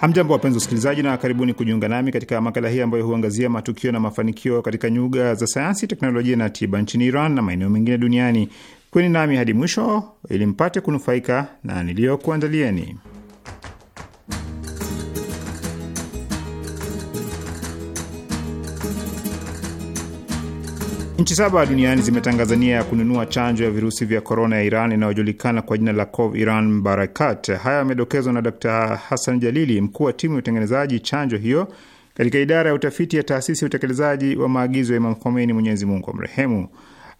Hamjambo, wapenzi wasikilizaji, na karibuni kujiunga nami katika makala hii ambayo huangazia matukio na mafanikio katika nyuga za sayansi, teknolojia na tiba nchini Iran na maeneo mengine duniani. Kweni nami hadi mwisho ili mpate kunufaika na niliyokuandalieni. Nchi saba duniani zimetangaza nia ya kununua chanjo ya virusi vya korona ya Iran inayojulikana kwa jina la Cov Iran Barakat. Haya yamedokezwa na Dr Hassan Jalili, mkuu wa timu ya utengenezaji chanjo hiyo katika idara ya utafiti ya taasisi ya utekelezaji wa maagizo ya Imam Khomeini, Mwenyezi Mungu amrehemu.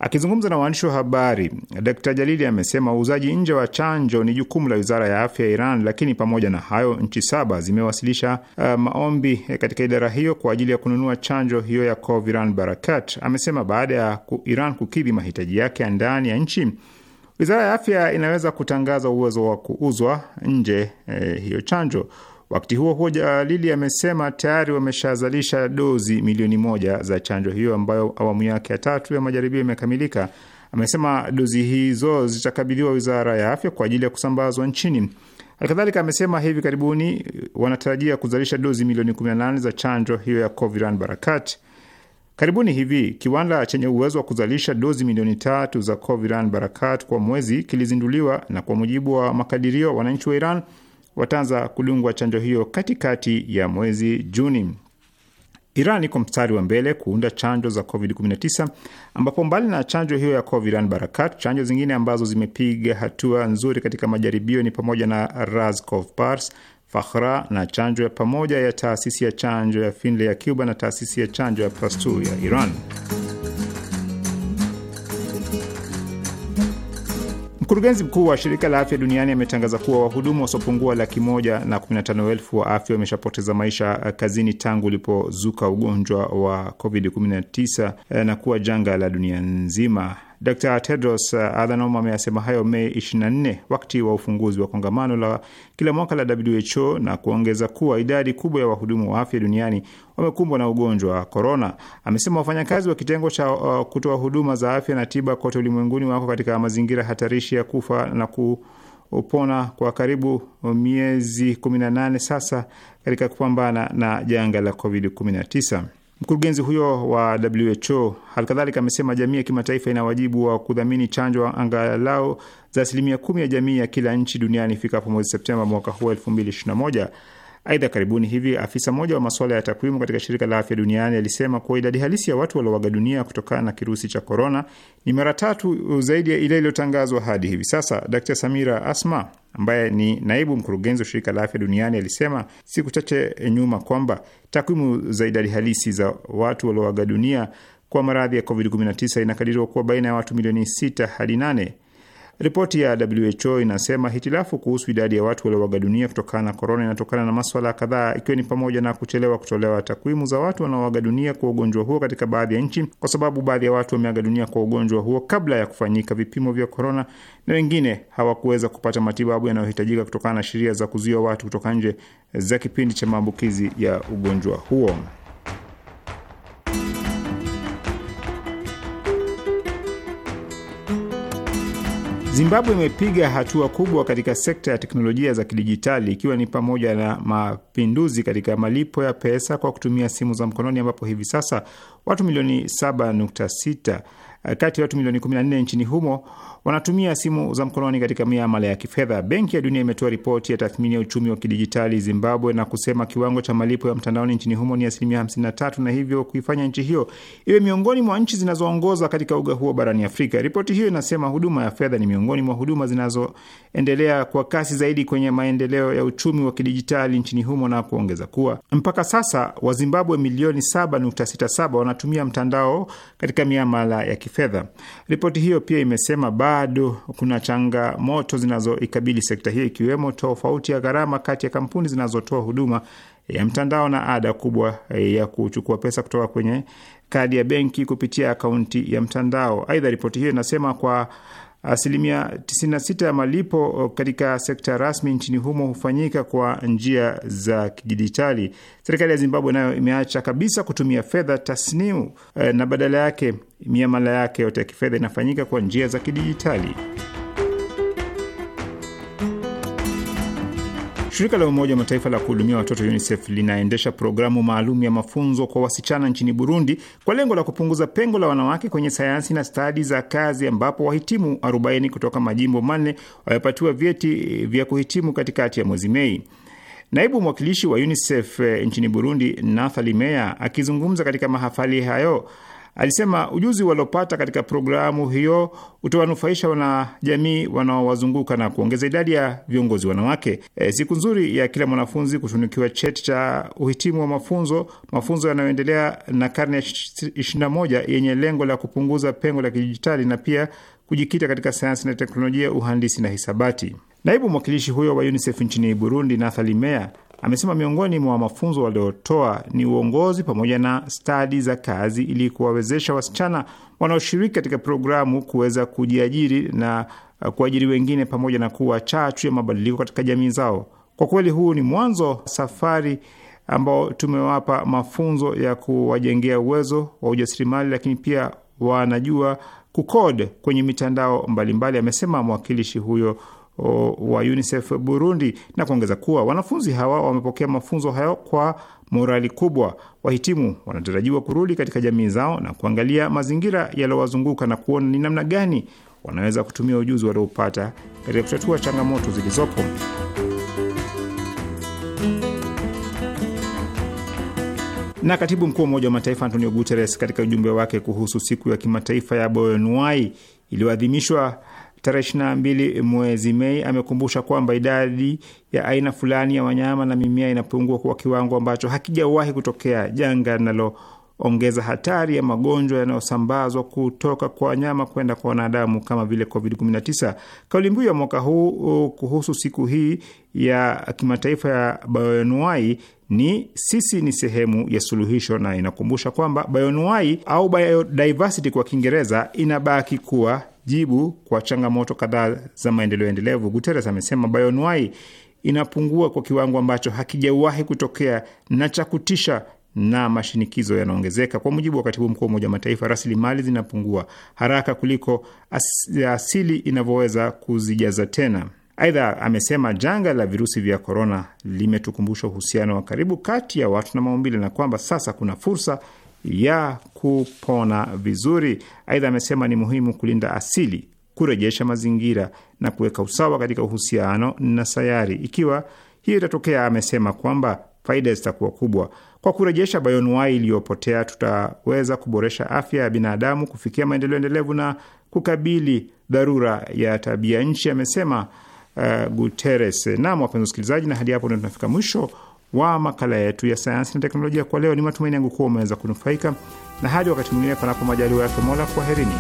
Akizungumza na waandishi wa habari, Dkt Jalili amesema uuzaji nje wa chanjo ni jukumu la wizara ya afya ya Iran, lakini pamoja na hayo, nchi saba zimewasilisha uh, maombi eh, katika idara hiyo kwa ajili ya kununua chanjo hiyo ya Coviran Barakat. Amesema baada ya ku Iran kukidhi mahitaji yake ya ndani ya nchi, wizara ya afya inaweza kutangaza uwezo wa kuuzwa nje eh, hiyo chanjo. Wakati huo huo, Jalili amesema tayari wameshazalisha dozi milioni moja za chanjo hiyo ambayo awamu yake ya tatu ya majaribio imekamilika. Amesema dozi hizo zitakabidhiwa wizara ya afya kwa ajili ya kusambazwa nchini. Halikadhalika amesema hivi karibuni wanatarajia kuzalisha dozi milioni 18 za chanjo hiyo ya Coviran Barakat. Karibuni hivi kiwanda chenye uwezo wa kuzalisha dozi milioni tatu za Coviran Barakat kwa mwezi kilizinduliwa, na kwa mujibu wa makadirio, wananchi wa Iran wataanza kudungwa chanjo hiyo katikati ya mwezi Juni. Iran iko mstari wa mbele kuunda chanjo za COVID-19 ambapo mbali na chanjo hiyo ya Coviran Barakat, chanjo zingine ambazo zimepiga hatua nzuri katika majaribio ni pamoja na Raskov Pars, Fakhra na chanjo ya pamoja ya taasisi ya chanjo ya Finlay ya Cuba na taasisi ya chanjo ya Pasteur ya Iran. Mkurugenzi mkuu wa shirika la afya duniani ametangaza kuwa wahudumu wasiopungua laki moja na 15 elfu wa afya wameshapoteza maisha eh, kazini tangu ulipozuka ugonjwa wa COVID-19 eh, na kuwa janga la dunia nzima. Dr Tedros uh, Adhanom ameyasema hayo Mei 24 wakati wa ufunguzi wa kongamano la kila mwaka la WHO na kuongeza kuwa idadi kubwa ya wahudumu wa afya duniani wamekumbwa na ugonjwa wa korona. Amesema wafanyakazi wa kitengo cha uh, kutoa huduma za afya na tiba kote ulimwenguni wako katika mazingira hatarishi ya kufa na ku upona kwa karibu miezi 18 sasa katika kupambana na janga la COVID-19. Mkurugenzi huyo wa WHO halikadhalika amesema jamii ya kimataifa ina wajibu wa kudhamini chanjo angalau za asilimia kumi ya jamii ya kila nchi duniani ifikapo mwezi Septemba mwaka huu elfu mbili ishirini na moja. Aidha, karibuni hivi afisa mmoja wa masuala ya takwimu katika shirika la afya duniani alisema kuwa idadi halisi ya watu walioaga dunia kutokana na kirusi cha korona ni mara tatu uh, zaidi ya ile iliyotangazwa hadi hivi sasa. Dkt. Samira Asma ambaye ni naibu mkurugenzi wa shirika la afya duniani alisema siku chache nyuma kwamba takwimu za idadi halisi za watu walioaga dunia kwa maradhi ya COVID-19 inakadiriwa kuwa baina ya watu milioni 6 hadi 8. Ripoti ya WHO inasema hitilafu kuhusu idadi ya watu waliowaga dunia kutokana na korona inatokana na maswala kadhaa, ikiwa ni pamoja na kuchelewa kutolewa takwimu za watu wanaowaga dunia kwa ugonjwa huo katika baadhi ya nchi, kwa sababu baadhi ya watu wameaga dunia kwa ugonjwa huo kabla ya kufanyika vipimo vya korona, na wengine hawakuweza kupata matibabu yanayohitajika kutokana na sheria za kuzuia watu kutoka nje za kipindi cha maambukizi ya ugonjwa huo. Zimbabwe imepiga hatua kubwa katika sekta ya teknolojia za kidijitali ikiwa ni pamoja na mapinduzi katika malipo ya pesa kwa kutumia simu za mkononi ambapo hivi sasa watu milioni 7.6 kati ya watu milioni 14 nchini humo wanatumia simu za mkononi katika miamala ya kifedha. Benki ya Dunia imetoa ripoti ya tathmini ya uchumi wa kidijitali Zimbabwe na kusema kiwango cha malipo ya mtandaoni nchini humo ni asilimia 53 na hivyo kuifanya nchi hiyo iwe miongoni mwa nchi zinazoongoza katika uga huo barani Afrika. Ripoti hiyo inasema huduma ya fedha ni miongoni mwa huduma zinazoendelea kwa kasi zaidi kwenye maendeleo ya uchumi wa kidijitali nchini humo na kuongeza kuwa mpaka sasa Wazimbabwe milioni 7.67 wanatumia mtandao katika miamala ya kifedha. Ripoti hiyo pia imesema bado kuna changamoto zinazoikabili sekta hiyo, ikiwemo tofauti ya gharama kati ya kampuni zinazotoa huduma ya mtandao na ada kubwa ya kuchukua pesa kutoka kwenye kadi ya benki kupitia akaunti ya mtandao. Aidha, ripoti hiyo inasema kwa asilimia 96 ya malipo oh, katika sekta rasmi nchini humo hufanyika kwa njia za kidijitali. Serikali ya Zimbabwe nayo imeacha kabisa kutumia fedha tasnimu eh, na badala yake miamala yake yote ya kifedha inafanyika kwa njia za kidijitali. Shirika la Umoja wa Mataifa la kuhudumia watoto UNICEF linaendesha programu maalum ya mafunzo kwa wasichana nchini Burundi kwa lengo la kupunguza pengo la wanawake kwenye sayansi na stadi za kazi, ambapo wahitimu 40 kutoka majimbo manne wamepatiwa vyeti vya kuhitimu katikati ya mwezi Mei. Naibu mwakilishi wa UNICEF eh, nchini Burundi, Nathali Meya, akizungumza katika mahafali hayo Alisema ujuzi waliopata katika programu hiyo utawanufaisha wanajamii wanaowazunguka na kuongeza idadi ya viongozi wanawake. E, siku nzuri ya kila mwanafunzi kutunukiwa cheti cha uhitimu wa mafunzo, mafunzo yanayoendelea na karne ya 21 yenye lengo la kupunguza pengo la kidijitali na pia kujikita katika sayansi na teknolojia, uhandisi na hisabati. Naibu mwakilishi huyo wa UNICEF nchini Burundi, Nathali Mea, Amesema miongoni mwa mafunzo waliotoa ni uongozi pamoja na stadi za kazi ili kuwawezesha wasichana wanaoshiriki katika programu kuweza kujiajiri na uh, kuajiri wengine pamoja na kuwa chachu ya mabadiliko katika jamii zao. Kwa kweli huu ni mwanzo safari ambao tumewapa mafunzo ya kuwajengea uwezo wa ujasiriamali, lakini pia wanajua kukod kwenye mitandao mbalimbali mbali, amesema mwakilishi huyo wa UNICEF Burundi na kuongeza kuwa wanafunzi hawa wamepokea mafunzo hayo kwa morali kubwa. Wahitimu wanatarajiwa kurudi katika jamii zao na kuangalia mazingira yaliyowazunguka na kuona ni namna gani wanaweza kutumia ujuzi waliopata katika kutatua changamoto zilizopo. Na katibu mkuu wa Umoja wa Mataifa Antonio Guterres katika ujumbe wake kuhusu siku ya kimataifa ya Bioanuwai iliyoadhimishwa tarehe 22 mwezi Mei amekumbusha kwamba idadi ya aina fulani ya wanyama na mimea inapungua kwa kiwango ambacho hakijawahi kutokea, janga linaloongeza hatari ya magonjwa yanayosambazwa kutoka kwa wanyama kwenda kwa wanadamu kama vile COVID-19. Kauli mbiu ya mwaka huu uh, kuhusu siku hii ya kimataifa ya bayonuai ni sisi ni sehemu ya suluhisho, na inakumbusha kwamba bayonuai au biodiversity kwa Kiingereza inabaki kuwa jibu kwa changamoto kadhaa za maendeleo endelevu. Guterres amesema bayonwai inapungua kwa kiwango ambacho hakijawahi kutokea na cha kutisha na mashinikizo yanaongezeka. Kwa mujibu wa katibu mkuu wa Umoja wa Mataifa, rasilimali zinapungua haraka kuliko asili inavyoweza kuzijaza tena. Aidha amesema janga la virusi vya korona limetukumbusha uhusiano wa karibu kati ya watu na maumbile na kwamba sasa kuna fursa ya kupona vizuri. Aidha, amesema ni muhimu kulinda asili, kurejesha mazingira na kuweka usawa katika uhusiano na sayari. Ikiwa hiyo itatokea, amesema kwamba faida zitakuwa kubwa. Kwa kurejesha bioanuwai iliyopotea, tutaweza kuboresha afya ya binadamu, kufikia maendeleo endelevu na kukabili dharura ya tabia nchi, amesema uh, Guterres. Naam, wapenzi wasikilizaji, na hadi hapo ndio tunafika mwisho wa makala yetu ya sayansi na teknolojia kwa leo. Ni matumaini yangu kuwa umeweza kunufaika na. Hadi wakati mwingine, panapo majaliwa yake Mola, kwaherini.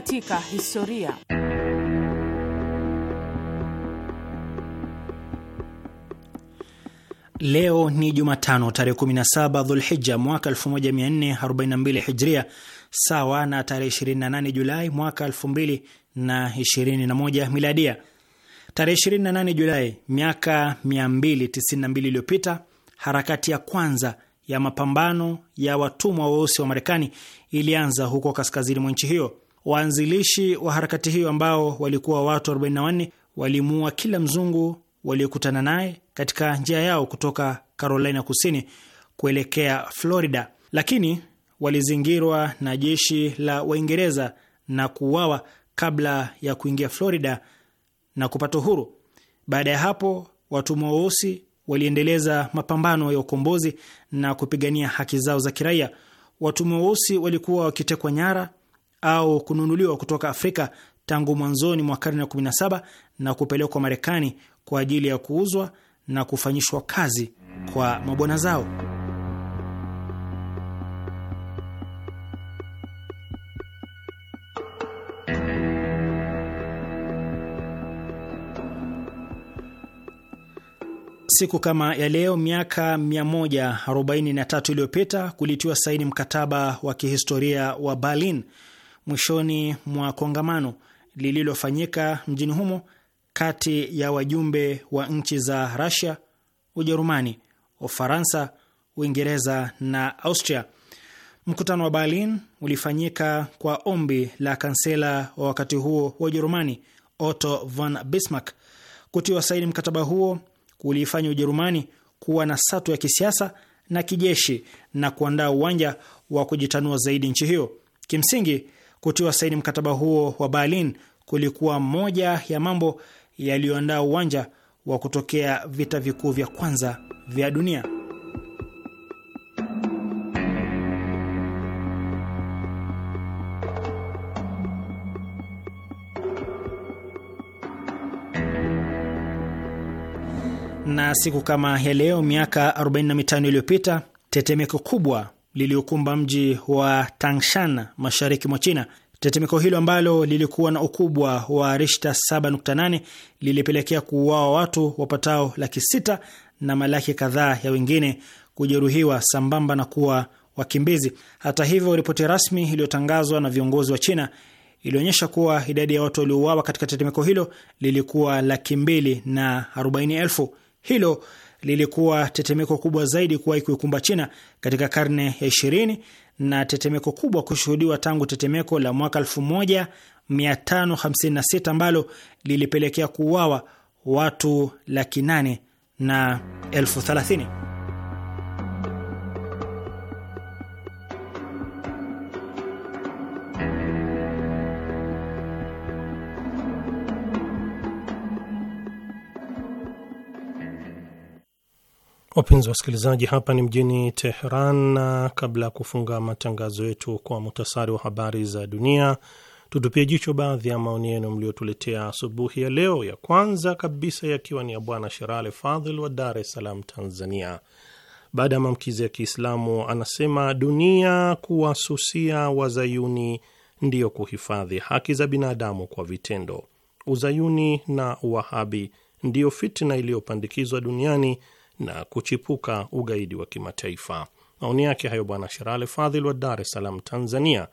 katika historia. Leo ni Jumatano tarehe 17 Dhulhija mwaka 1442 Hijria, sawa na tarehe 28 Julai mwaka 2021 Miladia. Tarehe 28 Julai miaka 292 iliyopita, harakati ya kwanza ya mapambano ya watumwa weusi wa Marekani ilianza huko kaskazini mwa nchi hiyo. Waanzilishi wa harakati hiyo ambao walikuwa watu 44 walimuua kila mzungu waliokutana naye katika njia yao kutoka Carolina Kusini kuelekea Florida, lakini walizingirwa na jeshi la Waingereza na kuuawa kabla ya kuingia Florida na kupata uhuru. Baada ya hapo, watumwa weusi waliendeleza mapambano ya ukombozi na kupigania haki zao za kiraia. Watumwa weusi walikuwa wakitekwa nyara au kununuliwa kutoka Afrika tangu mwanzoni mwa karne ya 17 na kupelekwa Marekani kwa ajili ya kuuzwa na kufanyishwa kazi kwa mabwana zao. Siku kama ya leo miaka 143 iliyopita kulitiwa saini mkataba wa kihistoria wa Berlin mwishoni mwa kongamano lililofanyika mjini humo kati ya wajumbe wa nchi za rasia Ujerumani, Ufaransa, Uingereza na Austria. Mkutano wa Berlin ulifanyika kwa ombi la kansela wa wakati huo wa Ujerumani, Otto von Bismarck. Kutiwa saini mkataba huo kuliifanya Ujerumani kuwa na satu ya kisiasa na kijeshi na kuandaa uwanja wa kujitanua zaidi nchi hiyo. Kimsingi, Kutiwa saini mkataba huo wa Berlin kulikuwa moja ya mambo yaliyoandaa uwanja wa kutokea vita vikuu vya kwanza vya dunia. Na siku kama ya leo miaka 45 iliyopita tetemeko kubwa liliokumba mji wa Tangshan mashariki mwa China. Tetemeko hilo ambalo lilikuwa na ukubwa wa rishta 7.8 lilipelekea kuuawa watu wapatao laki sita na malaki kadhaa ya wengine kujeruhiwa sambamba na kuwa wakimbizi. Hata hivyo, ripoti rasmi iliyotangazwa na viongozi wa China ilionyesha kuwa idadi ya watu waliouawa katika tetemeko hilo lilikuwa laki mbili na arobaini elfu. Hilo lilikuwa tetemeko kubwa zaidi kuwahi kuikumba China katika karne ya 20 na tetemeko kubwa kushuhudiwa tangu tetemeko la mwaka 1556 ambalo lilipelekea kuuawa watu laki nane na elfu thelathini. Wapenzi wasikilizaji, hapa ni mjini Teheran, na kabla ya kufunga matangazo yetu kwa muhtasari wa habari za dunia, tutupie jicho baadhi ya maoni yenu mliotuletea asubuhi ya leo. Ya kwanza kabisa yakiwa ni ya Bwana Sherale Fadhil wa Dar es Salaam, Tanzania. Baada ya maamkizi ya Kiislamu, anasema dunia kuwasusia wazayuni ndiyo kuhifadhi haki za binadamu kwa vitendo. Uzayuni na Uwahabi ndiyo fitna iliyopandikizwa duniani na kuchipuka ugaidi wa kimataifa. Maoni yake hayo Bwana Sherale Fadhil wa Dar es Salaam, Tanzania.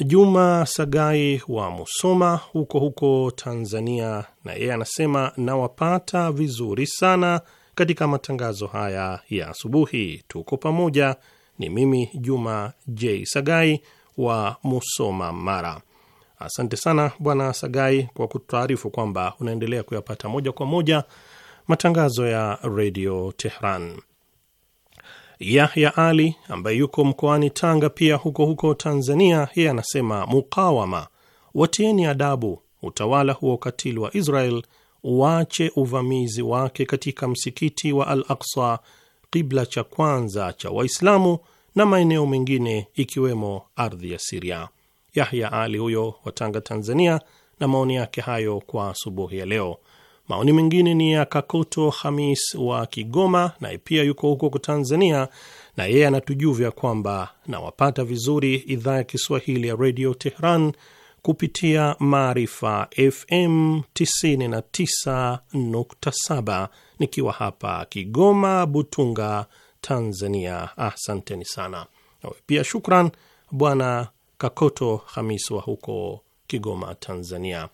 Juma Sagai wa Musoma huko huko Tanzania, na yeye anasema nawapata vizuri sana katika matangazo haya ya asubuhi. Tuko pamoja. Ni mimi Juma J Sagai wa Musoma, Mara. Asante sana Bwana Sagai kwa kutuarifu kwamba unaendelea kuyapata moja kwa moja matangazo ya redio Tehran. Yahya Ali ambaye yuko mkoani Tanga pia huko huko Tanzania, yeye anasema mukawama, watieni adabu utawala huo katili wa Israel, uache uvamizi wake katika msikiti wa Al Aksa, kibla cha kwanza cha Waislamu na maeneo mengine ikiwemo ardhi ya Siria. Yahya Ali huyo wa Tanga, Tanzania, na maoni yake hayo kwa asubuhi ya leo. Maoni mengine ni ya Kakoto Hamis wa Kigoma, naye pia yuko huko Tanzania, na yeye anatujuvya kwamba nawapata vizuri idhaa ya Kiswahili ya redio Tehran kupitia Maarifa FM 99.7 nikiwa hapa Kigoma, Butunga, Tanzania. Asanteni ah, sana. Pia shukran Bwana Kakoto Hamis wa huko Kigoma, Tanzania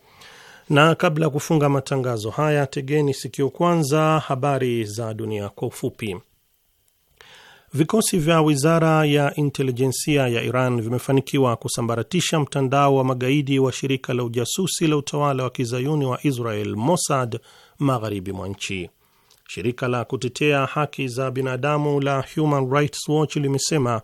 na kabla ya kufunga matangazo haya, tegeni sikio kwanza habari za dunia kwa ufupi. Vikosi vya wizara ya intelijensia ya Iran vimefanikiwa kusambaratisha mtandao wa magaidi wa shirika la ujasusi la utawala wa kizayuni wa Israel, Mossad, magharibi mwa nchi. Shirika la kutetea haki za binadamu la Human Rights Watch limesema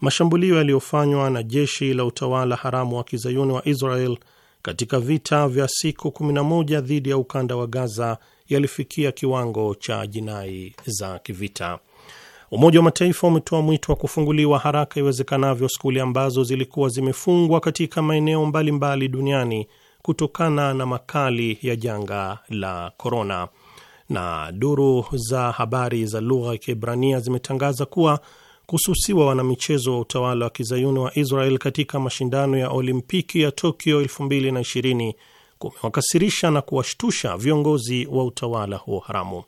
mashambulio yaliyofanywa na jeshi la utawala haramu wa kizayuni wa Israel katika vita vya siku 11 dhidi ya ukanda wa Gaza yalifikia kiwango cha jinai za kivita. Umoja wa Mataifa umetoa mwito wa kufunguliwa haraka iwezekanavyo skuli ambazo zilikuwa zimefungwa katika maeneo mbalimbali duniani kutokana na makali ya janga la korona. Na duru za habari za lugha ya Kiebrania zimetangaza kuwa kususiwa wanamichezo wa utawala wa kizayuni wa Israel katika mashindano ya Olimpiki ya Tokyo 2020 kumewakasirisha na kuwashtusha viongozi wa utawala huo haramu.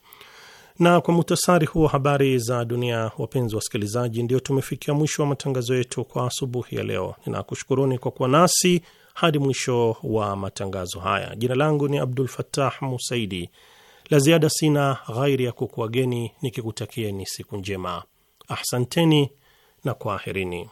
Na kwa muhtasari huo habari za dunia, wapenzi wasikilizaji, ndio tumefikia mwisho wa matangazo yetu kwa asubuhi ya leo. Ninakushukuruni kwa kuwa nasi hadi mwisho wa matangazo haya. Jina langu ni Abdul Fattah Musaidi. La ziada sina ghairi ya kukuageni nikikutakieni siku njema. Ahsanteni na kwaherini.